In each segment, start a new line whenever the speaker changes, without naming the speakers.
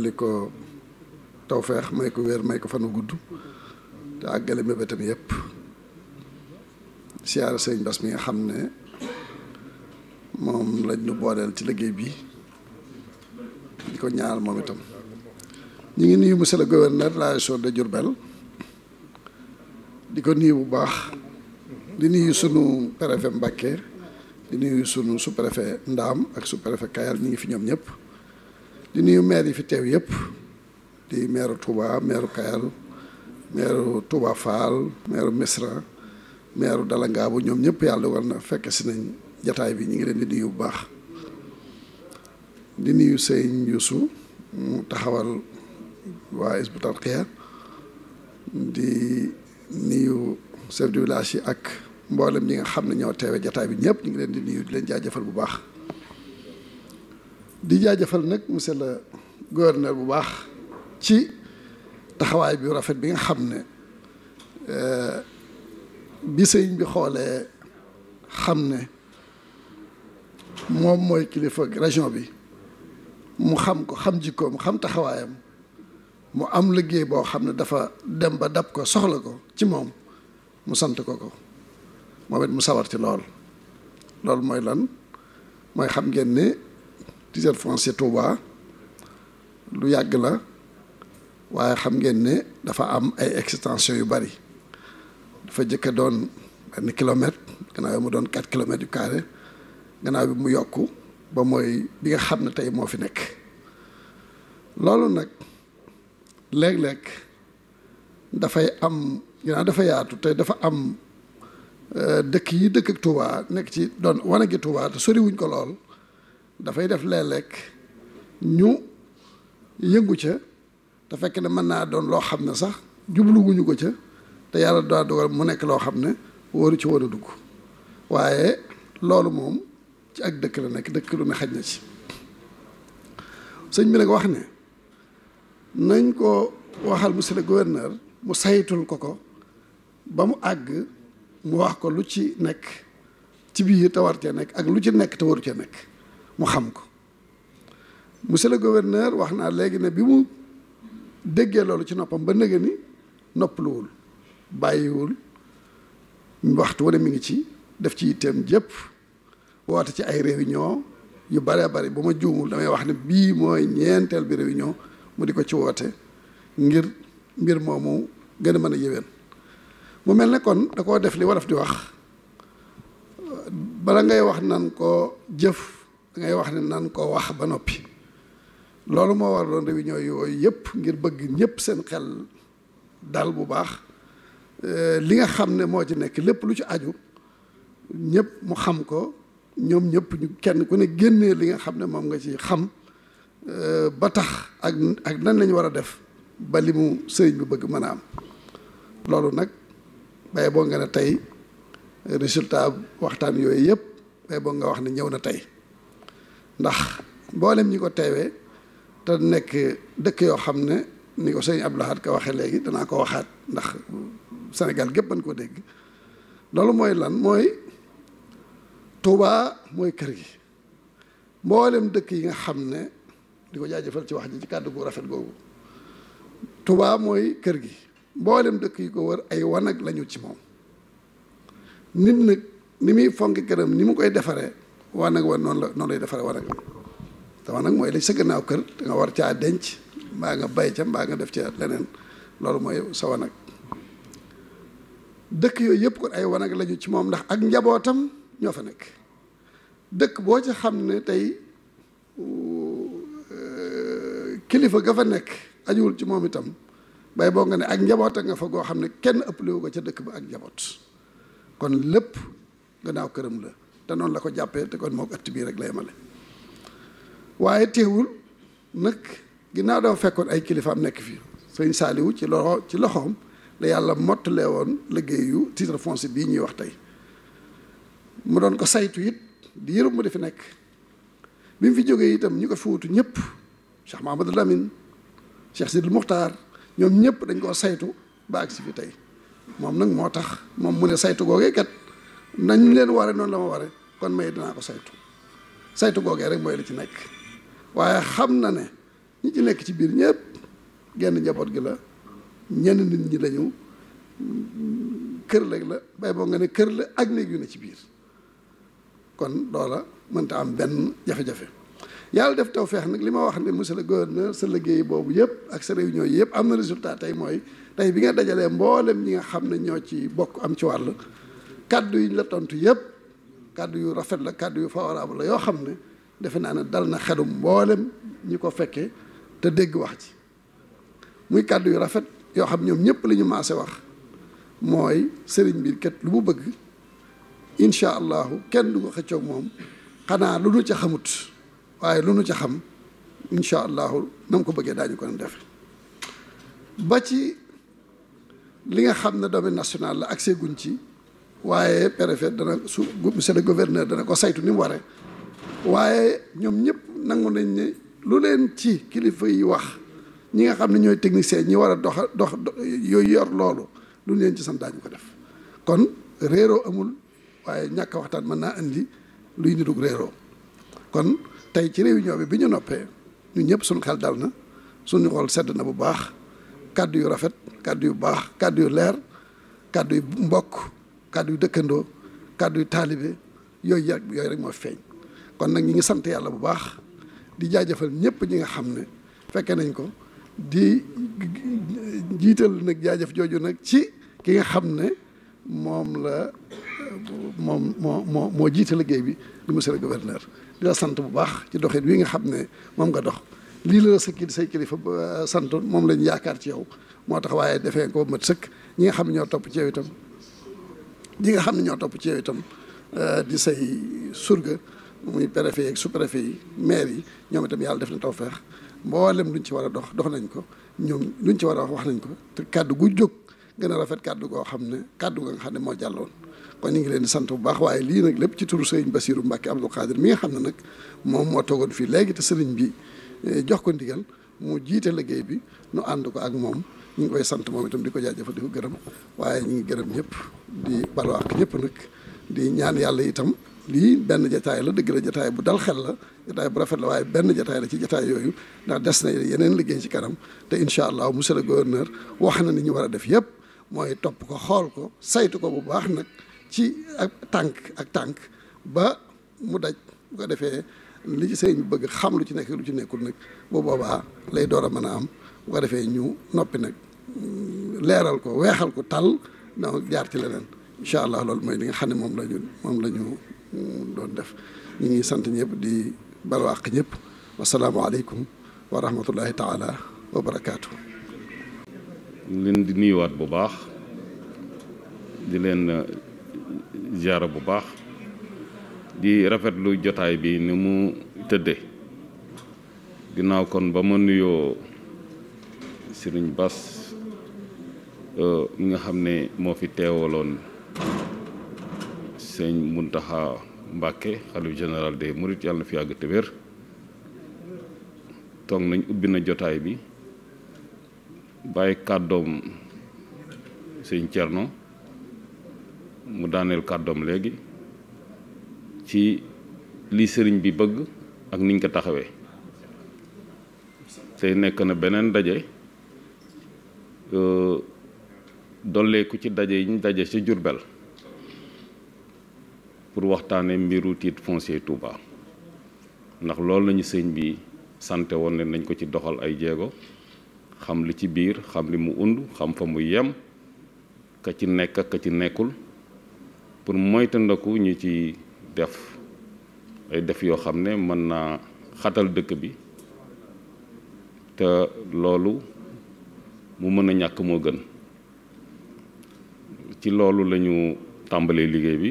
li ko tawfeex may ko wér may ko fanu gudd te àggale mébétam yëpp siyaara sëñ Bass mi nga xam ne moom lañ nu booleel ci liggéey bi di ko ñaar moom itam ñu ngi nuyu monsieur le gouverneur la région de Diourbel di ko nii bu baax di nuyu sunu préfet Mbacké di nuyu sunu sous-préfet Ndaam ak su préfet Kayal ñu ngi fi ñoom ñëpp di nuyu meer yi fi teew yëpp di maire Touba maire Kayal maire Touba Fall maire Misra maire Dalangaabu ñoom ñëpp yàlla dogal na fekk si nañ jataay bi ñu ngi leen di nuyu bu baax di nuyu sëñ Yuusu mu taxawal waa bu Tarqiyyah di nuyu chef de village yi ak mboolem ñi nga xam ne ñoo teewe jataay bi ñëpp ñu ngi leen di nuyu di leen jaajëfal bu baax li jaajëfal nag monsieur la gouverneur bu baax ci taxawaay bi rafet bi nga xam ne euh, bi sëñ bi xoolee xam ne moom mooy kilifa région bi mu xam ko xam jikkoom xam taxawaayam mu am liggéey boo xam ne dafa dem ba dab ko soxla ko ci moom mu sant ko ko moom it mu sawar ci lool loolu mooy lan mooy xam ngeen ne dix-sept francs ci lu yàgg la waaye xam ngeen ne dafa am ay extension yu bari dafa jëkk a doon benn kilomètre gannaaw bi mu doon quatre kilomètres yu carré gannaaw bi mu yokk ba mooy bi nga xam ne tey moo fi nekk loolu nag léeg-léeg dafay am ginnaaw dafa yaatu te dafa am euh, dëkk yi dëkk ak nekk ci doon wane gi Touba te soriwuñ ko lool dafay def la lekk ñu yëngu ca te fekk ne mën naa doon loo xam ne sax jubluwuñu ko ca te yàlla daa dogal mu nekk loo xam ne waru ci war a dugg waaye loolu moom ci ak dëkk la nekk dëkk lu ne xaj na ci sëñ bi nag wax ne nañ ko waxal monsieur le gouverneur mu saytul ko ko ba mu àgg mu wax ko lu ci nekk ci biir te war cee nekk ak lu ci nekk te waru cee nekk mu xam ko monsieur le gouverneur wax naa léegi ne bi mu déggee loolu ci noppam ba nëgë ni noppaluwul bàyyiwul waxtu wane mi ngi ci def ci yitteem jëpp woote ci ay réunion yu bare bari bu ma juumul damay wax ne bii mooy ñeenteel bi réunion mu di ko ci woote ngir mbir moomu gën a mën a yéwén mu mel ne kon da koo def li waraf di wax bala ngay wax nan ko jëf ngay wax ne nan koo wax ba noppi loolu moo war doon réunion yooyu yëpp ngir bëgg ñëpp seen xel dal bu baax euh, li nga xam ne moo ci nekk lépp lu ci aju ñëpp mu xam ko ñoom ñëpp ñu kenn ku ne génnee li nga xam ne moom nga ci xam euh, ba tax ak ak nan lañu war a def ba li mu sëriñ lu bëgg mën a am loolu nag bay boo nga ne tey résultat waxtaan yooyu yëpp bay boo nga wax ne ñëw na tey ndax mboolem ñi ko teewee te nekk dëkk yoo xam ne ni ko sëñ Abdou Lahad ko waxee léegi danaa ko waxaat ndax Sénégal gépp ban ko dégg loolu mooy lan mooy Touba mooy kër gi mboolem dëkk yi nga xam ne di ko jaajëfal ci wax ji ci kàddu gu rafet googu Touba mooy kër gi mboolem dëkk yi ko wër ay wanag lañu ci moom nit nag ni muy fonk këram ni mu koy defaree waa nag wan noonu la noonu lay defaree war nag nag mooy lañ sa gannaaw kër da nga war caa denc mbaa nga bay ca mbaa nga def ca leneen loolu mooy sa wanag dëkk yooyu yëpp kon ay wanag lañu ci moom ndax ak njabootam ñoo fa nekk dëkk boo ca xam ne tey euh, kilifa ga fa nekk ajuwul ci moom itam bay boo nga ne ak njaboot nga fa goo xam ne kenn ëppalewu ko ca dëkk ba ak njaboot kon lépp gannaaw këram la te noonu la ko jàppee te kon moo ëtt bii rek la yemale waaye teewul nag ginnaaw dafa fekkoon ay kilifaam nekk fii sëñ Saaliwu ci loxo ci loxoom la yàlla mottalee woon liggéeyu titre foncier bii ñuy wax tey mu doon ko saytu it di yërëm mu di nekk bi mu fi jógee itam ñu ko fi wutu ñëpp Cheikh Mahamadou Lamine Cheikh Sidil Muxtaar ñoom ñëpp dañ koo saytu ba agsi tey moom nag moo tax moom mu ne saytu googee kat nañ leen ware noonu la ma ware kon may dinaa ko saytu saytu googee rek mooy la ci nekk waaye xam na ne ñi ci nekk ci biir ñëpp genn njaboot gi la ñenn nit ñi lañu kër léeg la bay boo nga ne kër la ak néeg yu ne ci biir kon loola mënta am benn jafe-jafe yàlla def taw feex nag li ma wax ne monsieur le gouverneur sa liggéey boobu yëpp ak sa réunion yi yëpp am na résultat tey mooy tey bi nga dajalee mboolem ñi nga xam ne ñoo ci bokk am ci wàll kàddu yi la tontu yëpp kàddu yu rafet la kàddu yu favorable la yoo xam ne defe naa ne dal na xelum mboolem ñi ko fekkee te dégg wax ji muy kàddu yu rafet yoo xam ñoom ñëpp li ñu maase wax mooy sëriñ bi kat lu mu bëgg incha allahu kenn du ko xëccoog moom xanaa lu nu ca xamut waaye lu nu ca xam incha allahu na mu ko bëggee daañu kon def ba ci li nga xam ne domaine national la ak seguñ ci. waaye préfet dana su monsieur le dana ko saytu ni mu waree waaye ñoom ñëpp nangu nañ ne lu leen ci kilifa yi wax ñi nga xam ne ñooy technicien ñi war a dox dox yooyu yor loolu lu leen ci sant daañu ko def kon réeroo amul waaye ñàkk waxtaan mën naa indi luy nidug réeroo kon tey ci réunion bi bi ñu noppee ñu ñëpp suñ xel dal na suñu xool sedd na bu baax kàdd yu rafet kàdd yu baax kàdd yu leer kàddu yu mbokk kàddu yu dëkkandoo kàddu yu taalibe yooyu yooyu rek moo feeñ kon nag ñi ngi sant yàlla bu baax di jaajëfal ñëpp ñi nga xam ne fekke nañ ko di jiital nag jaajëf jooju nag ci ki nga xam ne moom la moom moo moo moo jiite liggéey bi di monsieur le gouverneur di la sant bu baax ci doxin wi nga xam ne moom nga dox lii la sa kii say kilifa sant moom lañ yaakaar ci yow moo tax waaye defee ko mat sëkk ñi nga xam ne ñoo topp ci yow itam ñi nga xam ne ñoo topp ci yow itam euh, di say surga muy préfet yeeg sous-préfet yi maire yi ñoom itam yàlla def na tawfeex mboolem luñ ci war a dox dox nañ ko ñoom luñ ci war a wax wax nañ ko te kàddu gu jóg gën a rafet kàddu goo xam ne kàddu nga xam ne moo jàlloon kon ñu ngi leen di sant bu baax waaye lii nag lépp ci turu sëriñ Bassirou Mbacke Abdou Khadir mi nga xam ne nag moom moo toogoon fii léegi te sëriñ bi eh, jox ko ndigal mu jiite liggéey bi nu ànd ko ak moom ñu ngi koy sant moom itam di ko jaajëfal di ko gërëm waaye ñu ngi gërëm ñëpp di balu ak nag di ñaan yàlla itam lii benn jataay la dëgg la jataay bu dal xel la jataay bu rafet la waaye benn jataay la ci jataay yooyu ndax des na yeneen liggéey ci kanam te incha allah monsieur le gouverneur wax na ni ñu war a def yëpp mooy topp ko xool ko saytu ko bu baax nag ci ak tànk ak tànk ba mu daj bu ko defee li ci sëriñ bi bëgg xam lu ci nekk lu ci nekkul nag bu boobaa lay door a mën a am bu defee ñu noppi nag leeral ko weexal ko tal donc jaar ci leneen incha allah loolu mooy li nga xam ne moom la ñu moom la mm, doon def ñu ngi sant ñëpp di balwaaq ñëpp wasalaamaaleykum wa rahmatullahi taala
wa leen di nuyuwaat bu baax di leen uh, ziara bu baax di rafetlu jotaay bi ni mu tëddee ginnaaw kon ba ma nuyoo Sëriñ Bass. mi nga xam ne moo fi teewaloon sëñ Muntaxa Mbàkke xalif général des Mourides yàlla fi yàgg te wér toog nañ ubbi na jotaay bi bàyyi kàddoom sëñ Cerno mu daaneel kàddoom léegi ci lii sëriñ bi bëgg ak niñ ko taxawee tey nekk na beneen ndaje euh, dolleeku ci daje yi ñu daje ci Jurbel pour waxtaanee mbiru titre foncier Touba ndax loolu lañu sëñ bi sante woon ne nañ ko ci doxal ay jéego xam li ci biir xam li mu und xam fa mu yem ka ci nekk ka ci nekkul pour moytandaku ñu ci def ay def yoo xam ne mën naa xatal dëkk bi te loolu mu mën a ñàkk moo gën ci loolu lañu ñu tàmbalee liggéey bi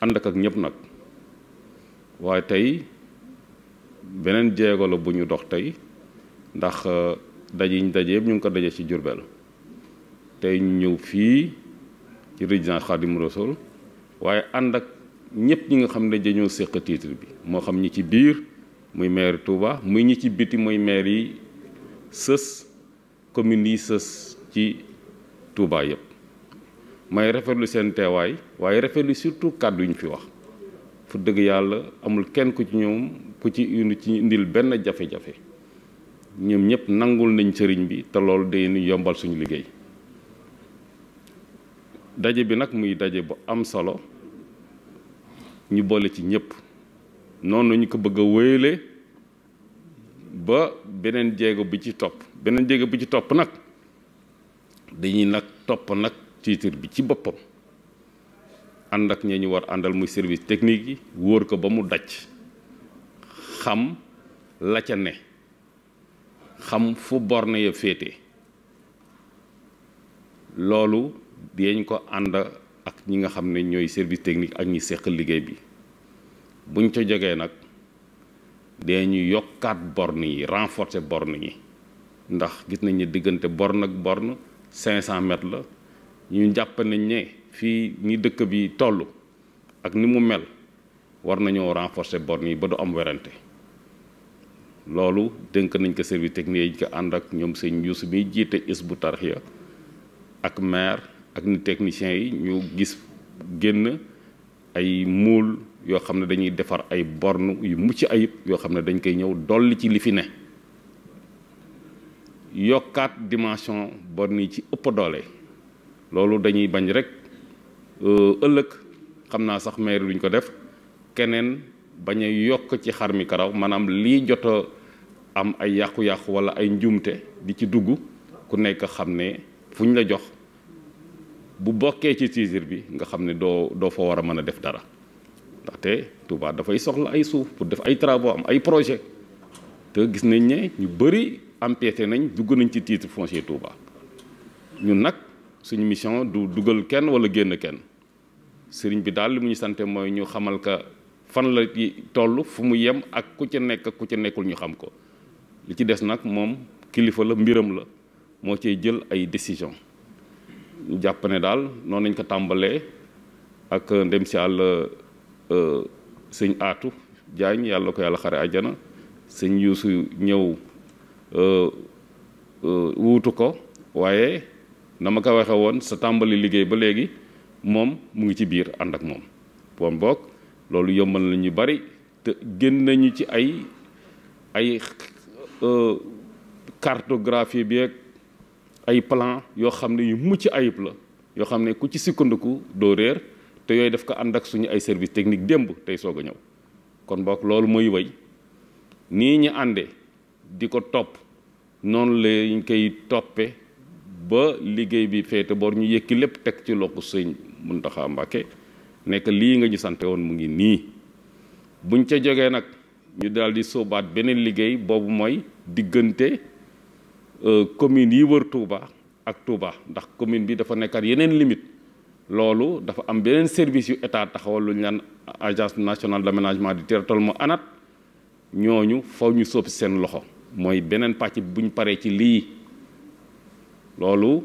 ànd ak ak ñëpp nag waaye tey beneen jéego bu ñu dox tey ndax dajiñ euh, daje ñu ngi ko daje ci Jurbel tey ñu ñëw fii ci résidence Khadim Rassoul waaye ànd ak ñëpp ñi nga xam ne dañoo séq titre bi moo xam ñi ci biir muy maire Touba muy ñi ci biti muy maire yi sës communes yi sës ci Touba yëpp may rafetlu seen teewaay waaye rafetlu surtout kàddu yi ñu fi wax fu dëgg yàlla amul kenn ku ci ñoom ku ci indi ci indil benn jafe-jafe ñoom ñëpp nangul nañ sëriñ bi te loolu day ni yombal suñu liggéey daje bi nag muy daje bu am solo ñu boole ci ñëpp noonu ñu ko bëgg a wéyale ba beneen jéego bi ci topp beneen jéego bi ci topp nag dañuy nag topp nag titre bi ci boppam ànd ak ñee ñu war àndal muy service technique yi wóor ko ba mu daj xam la ca ne xam fu borne ya féete loolu dinañ ko ànd ak ñi nga xam ne ñooy service technique ak ñi seq liggéey bi buñ ca jogee nag ñu yokkaat borne yi renforcer borne yi ndax gis nañ ne diggante borne ak borne 500 mètres la ñu jàpp nañ ne fii ni dëkk bi toll ak ni mu mel war nañoo renforcer bornes yi ba du am werante loolu dënk nañ ko service technique yi ko ànd ak ñoom seen Youssou miy jiite Hizbut Tarqiyyah ak maire ak ni techniciens yi ñu gis génn ay muul yoo xam ne dañuy defar ay borne yu mucc ayib yoo xam ne dañ koy ñëw dolli ci li fi ne yokkaat dimension borne yi ci ëpp doole loolu dañuy bañ rek euh, ëllëg xam naa sax maire luñ ko def keneen bañ a yokk ci xar mi karaw maanaam lii jot am ay yàqu-yàqu wala ay njuumte di ci dugg ku nekk xam ne fu ñu la jox bu bokkee ci tiisir bi nga xam ne doo doo fa war a mën a def dara ndaxte Touba dafay soxla ay suuf pour def ay travaux am ay projet te gis nañ ne ñu bëri empiété nañ dugg nañ ci titre foncier Touba ñun nag suñu mission du dugal kenn wala génn kenn sëriñ bi daal li mu ñu sante mooy ñu xamal ka fan la toll fu mu yem ak ku ci nekk ku ci nekkul ñu xam ko li ci des nag moom kilifa la mbiram la moo ci jël ay décision ñu jàpp ne daal noonu nañ ko tàmbalee ak ndem si àll euh, sëñ aatu jaañ yàlla ko yàlla xare àjjana sëñ yuusu ñëw euh, euh, wuutu ko waaye na ma ko waxee woon sa tàmbali liggéey ba léegi moom mu ngi ci biir ànd ak moom bon boog loolu yombal nañu bari te génn nañu ci ay ay euh, cartographie bi ak ay plan yoo xam ne yu mucc ayib la yoo xam ne ku ci sukkandiku doo réer te yooyu def ko ànd ak suñu ay service technique démb tey soog a ñëw kon boog loolu mooy way nii ñu àndee di ko topp noonu lañ koy toppe ba liggéey bi féete boor ñu yëkki lépp teg ci loxo sëñ Muntaxa Mbàkke nekk lii nga ñu sante woon mu ngi nii buñ ca jógee nag ñu daal di sóobaat beneen liggéey boobu mooy diggante euh, commune yi wër Touba ak Touba ndax commune bi dafa nekkat yeneen limite loolu dafa am beneen service yu état taxawal lu ñu naan agence nationale d'aménagement du territoire mu ANAT ñooñu faw ñu soppi seen loxo mooy beneen pàcc buñ paree ci lii loolu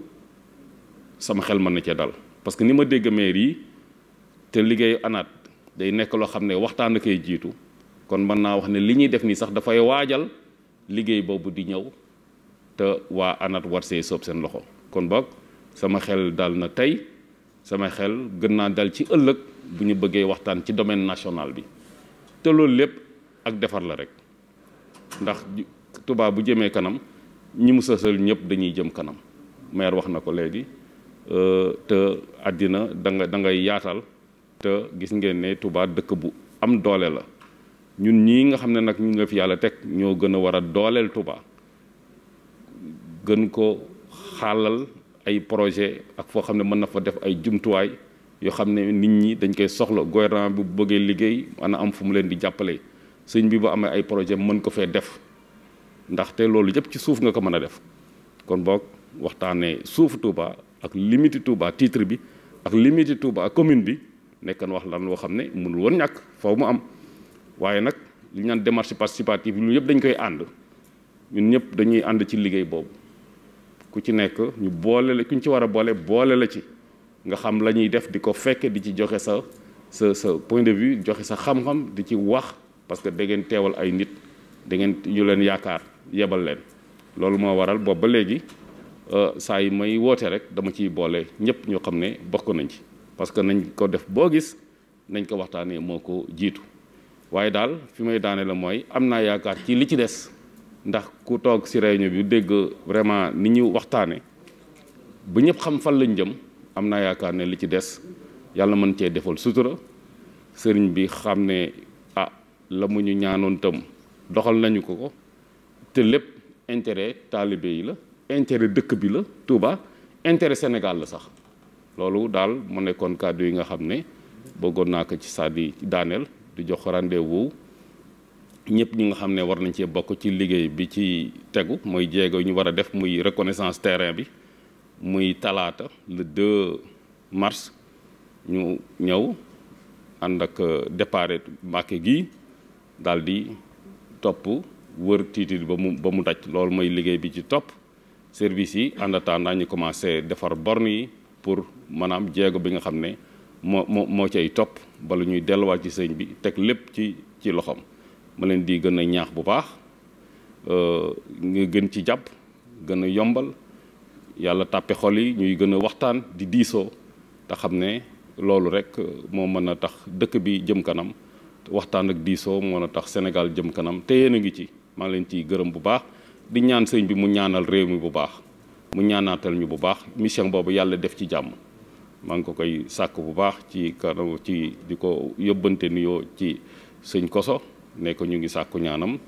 sama xel man na cee dal parce que ni ma dégg maire te liggéeyu anaat day nekk loo xam ne waxtaan a koy jiitu kon mën naa wax ne li ñuy def nii sax dafay waajal liggéey boobu di ñëw te waa anat war see soob seen loxo kon boog sama xel dal na tey sama xel gën naa dal ci ëllëg bu ñu bëggee waxtaan ci domaine national bi te loolu lépp ak defar la rek ndax tubaab bu jëmee kanam ñi mu sësal ñëpp dañuy jëm kanam maire wax na ko léegi euh, te àddina da nga da yaatal te gis ngeen ne Touba dëkk bu am doole la ñun ñii nga xam ne nag ñun nga fi yàlla teg ñoo gën a war a dooleel tubaa gën ko xaalal ay projet ak foo xam ne mën na fa def ay jumtuwaay yoo xam ne nit ñi dañ koy soxla gouvernement bu bëggee liggéey ana am fu mu leen di jàppale sëñ bi ba amee ay projet mën ko fee def ndaxte loolu yëpp ci suuf nga ko mën a def kon boog waxtaanee suufu Touba ak limiti Touba tiitre bi ak limiti Touba commune bi nekk na wax lan loo xam ne mënul woon ñàkk faw mu am waaye nag li ñaan démarche participative lu yëpp dañ koy ànd ñun ñëpp dañuy ànd ci liggéey boobu ku ci nekk ñu boole la ku ñu ci war a boole boole la ci nga xam la ñuy def di ko fekke di ci joxe sa sa sa point de vue joxe sa xam-xam di ci wax parce que da ngeen teewal ay nit da ngeen ñu leen yaakaar yebal leen loolu moo waral boobu ba léegi Euh, saa yi may woote rek dama ciy boole ñëpp ñoo xam ne bokk nañ ci parce que nañ ko def boo gis nañ ko waxtaanee moo ko jiitu waaye daal fi may daane la mooy am naa yaakaar ci li ci des ndax ku toog si réunion bi dégg vraiment ni ñu waxtaane bu ñëpp xam fan lañ jëm am naa yaakaar ne li ci des yàlla mën cee defal sutura sëriñ bi xam ne ah la mu ñu ñaanoon tam doxal nañu ko ko te lépp intérêt taalibe yi la intérêt dëkk bi la Touba intérêt Sénégal la sax loolu daal mu nekkoon kàddu yi nga xam ne bëggoon naa ko ci saa di daaneel di jox rendez-vous ñëpp ñu nga xam ne war nañ cee bokk ci liggéey bi ci tegu mooy jéego ñu war a def muy reconnaissance terrain bi muy talaata le 2 mars ñu ñëw ànd ak euh, départ Mbàkke gi daal di topp wër tiitit ba mu ba mu daj loolu mooy liggéey bi ci topp service yi àndataan naa ñu commencé defar borne yi pour maanaam jéego bi nga xam ne moo moo moo cay topp bala ñuy delluwaat ci sëñ bi teg lépp ci ci loxoom ma leen di gën a ñaax bu baax euh, nga gën ci jàpp gën a yombal yàlla tàppe xol yi ñuy gën a waxtaan di diisoo te xam ne loolu rek moo mën a tax dëkk bi jëm kanam waxtaan ak diisoo moo mën a tax Sénégal jëm kanam te yéen a ngi ci maa ngi leen ciy gërëm bu baax di ñaan sëñ bi mu ñaanal réew mi bu baax mu ñaanaatal ñu bu baax mission boobu yàlla def ci jàmm maa ngi ko koy sàkk bu baax ci kanam ci di ko yóbbante nuyoo ci sëñ koso ne ko ñu ngi sàkku ñaanam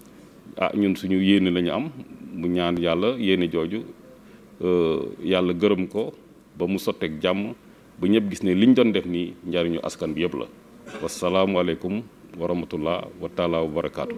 ah ñun suñu yéene lañu am mu ñaan yàlla yéene jooju euh, yàlla gërëm ko ba mu sotteeg jàmm ba ñëpp gis ne liñ doon def nii njariñu askan bi yëpp la wasalaamualeykum wa rahmatullah wa taala wa barakaatu